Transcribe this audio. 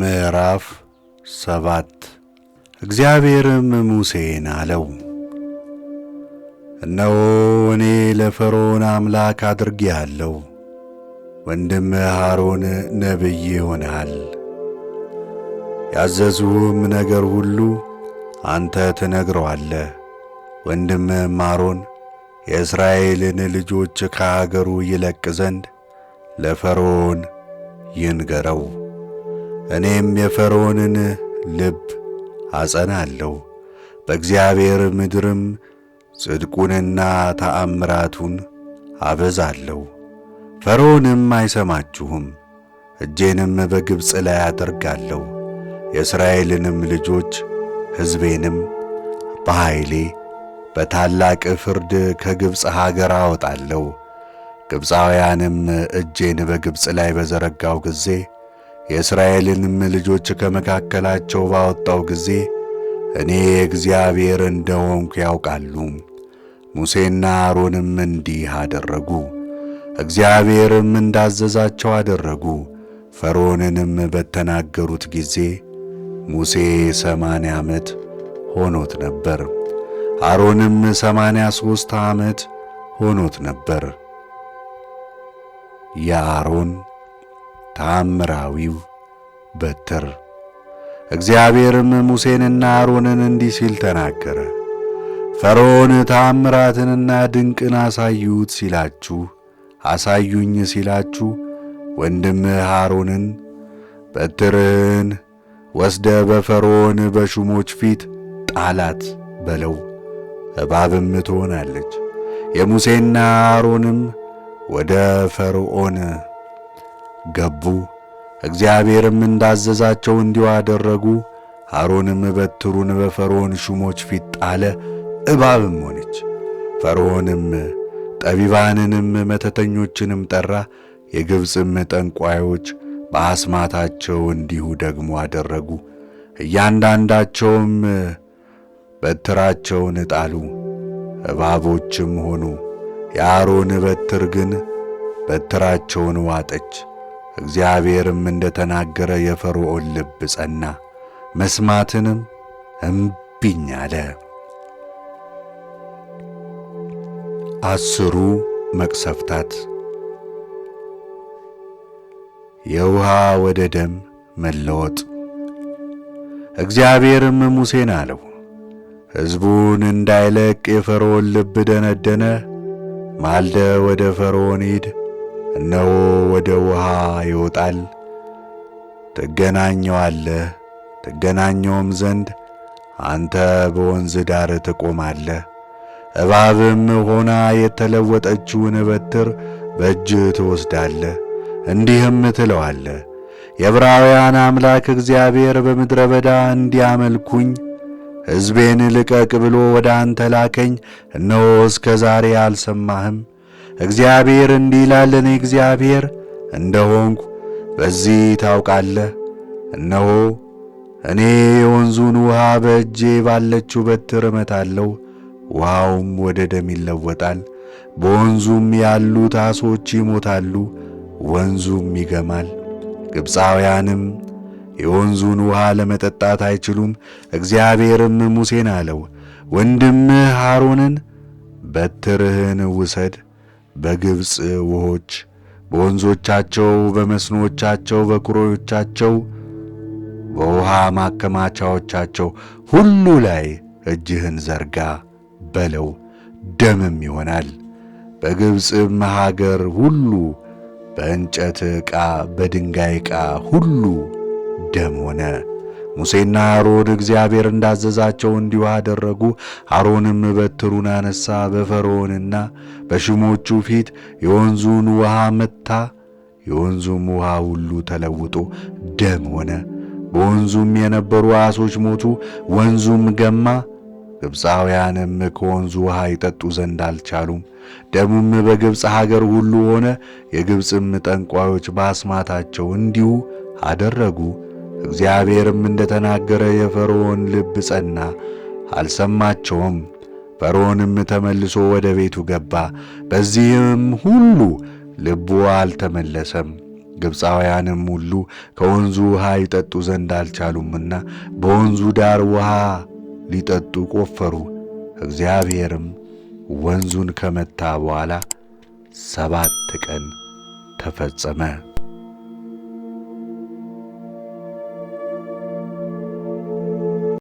ምዕራፍ ሰባት እግዚአብሔርም ሙሴን አለው፣ እነሆ እኔ ለፈርዖን አምላክ አድርጌአለሁ፣ ወንድምህ አሮን ነቢይ ይሆንሃል። ያዘዝሁህም ነገር ሁሉ አንተ ትነግረዋለህ። ወንድምህም አሮን የእስራኤልን ልጆች ከአገሩ ይለቅ ዘንድ ለፈርዖን ይንገረው። እኔም የፈርዖንን ልብ አጸናለሁ፣ በእግዚአብሔር ምድርም ጽድቁንና ተአምራቱን አበዛለሁ። ፈርዖንም አይሰማችሁም፣ እጄንም በግብፅ ላይ አደርጋለሁ፣ የእስራኤልንም ልጆች ሕዝቤንም በኃይሌ በታላቅ ፍርድ ከግብፅ ሀገር አወጣለሁ። ግብፃውያንም እጄን በግብፅ ላይ በዘረጋው ጊዜ የእስራኤልንም ልጆች ከመካከላቸው ባወጣው ጊዜ እኔ እግዚአብሔር እንደሆንኩ ያውቃሉ። ሙሴና አሮንም እንዲህ አደረጉ፣ እግዚአብሔርም እንዳዘዛቸው አደረጉ። ፈርዖንንም በተናገሩት ጊዜ ሙሴ ሰማንያ ዓመት ሆኖት ነበር። አሮንም ሰማንያ ሦስት ዓመት ሆኖት ነበር። የአሮን ታምራዊው በትር። እግዚአብሔርም ሙሴንና አሮንን እንዲህ ሲል ተናገረ። ፈርዖን ታምራትንና ድንቅን አሳዩት ሲላችሁ አሳዩኝ ሲላችሁ ወንድምህ አሮንን በትርህን ወስደ በፈርዖን በሹሞች ፊት ጣላት በለው፣ እባብም ትሆናለች። የሙሴና አሮንም ወደ ፈርዖን ገቡ። እግዚአብሔርም እንዳዘዛቸው እንዲሁ አደረጉ። አሮንም በትሩን በፈርዖን ሹሞች ፊት ጣለ፣ እባብም ሆነች። ፈርዖንም ጠቢባንንም መተተኞችንም ጠራ። የግብፅም ጠንቋዮች በአስማታቸው እንዲሁ ደግሞ አደረጉ። እያንዳንዳቸውም በትራቸውን ጣሉ፣ እባቦችም ሆኑ። የአሮን በትር ግን በትራቸውን ዋጠች። እግዚአብሔርም እንደ ተናገረ የፈርዖን ልብ ጸና፣ መስማትንም እምቢኝ አለ። አስሩ መቅሰፍታት የውሃ ወደ ደም መለወጥ። እግዚአብሔርም ሙሴን አለው፣ ሕዝቡን እንዳይለቅ የፈርዖን ልብ ደነደነ። ማልደ ወደ ፈርዖን ሂድ እነሆ ወደ ውሃ ይወጣል፣ ትገናኘዋለህ። ትገናኘውም ዘንድ አንተ በወንዝ ዳር ትቆማለህ። እባብም ሆና የተለወጠችውን በትር በእጅ ትወስዳለህ፣ እንዲህም ትለዋለህ የዕብራውያን አምላክ እግዚአብሔር በምድረ በዳ እንዲያመልኩኝ ሕዝቤን ልቀቅ ብሎ ወደ አንተ ላከኝ። እነሆ እስከ ዛሬ አልሰማህም፣ እግዚአብሔር እንዲህ ይላል፣ እኔ እግዚአብሔር እንደሆንኩ በዚህ ታውቃለህ። እነሆ እኔ የወንዙን ውሃ በእጄ ባለችው በትር እመታለሁ፣ ውሃውም ወደ ደም ይለወጣል፣ በወንዙም ያሉት ዓሦች ይሞታሉ፣ ወንዙም ይገማል። ግብፃውያንም የወንዙን ውሃ ለመጠጣት አይችሉም። እግዚአብሔርም ሙሴን አለው፣ ወንድምህ አሮንን በትርህን ውሰድ በግብፅ ውሆች በወንዞቻቸው፣ በመስኖቻቸው፣ በኩሬዎቻቸው፣ በውሃ ማከማቻዎቻቸው ሁሉ ላይ እጅህን ዘርጋ በለው ደምም ይሆናል። በግብፅም ሀገር ሁሉ በእንጨት ዕቃ፣ በድንጋይ ዕቃ ሁሉ ደም ሆነ። ሙሴና አሮን እግዚአብሔር እንዳዘዛቸው እንዲሁ አደረጉ። አሮንም በትሩን አነሳ፣ በፈርዖንና በሽሞቹ ፊት የወንዙን ውሃ መታ። የወንዙም ውሃ ሁሉ ተለውጦ ደም ሆነ። በወንዙም የነበሩ ዓሦች ሞቱ። ወንዙም ገማ። ግብፃውያንም ከወንዙ ውሃ ይጠጡ ዘንድ አልቻሉም። ደሙም በግብፅ ሀገር ሁሉ ሆነ። የግብፅም ጠንቋዮች ባስማታቸው እንዲሁ አደረጉ። እግዚአብሔርም እንደተናገረ የፈርዖን ልብ ጸና፣ አልሰማቸውም። ፈርዖንም ተመልሶ ወደ ቤቱ ገባ፣ በዚህም ሁሉ ልቡ አልተመለሰም። ግብፃውያንም ሁሉ ከወንዙ ውሃ ይጠጡ ዘንድ አልቻሉምና በወንዙ ዳር ውሃ ሊጠጡ ቆፈሩ። እግዚአብሔርም ወንዙን ከመታ በኋላ ሰባት ቀን ተፈጸመ።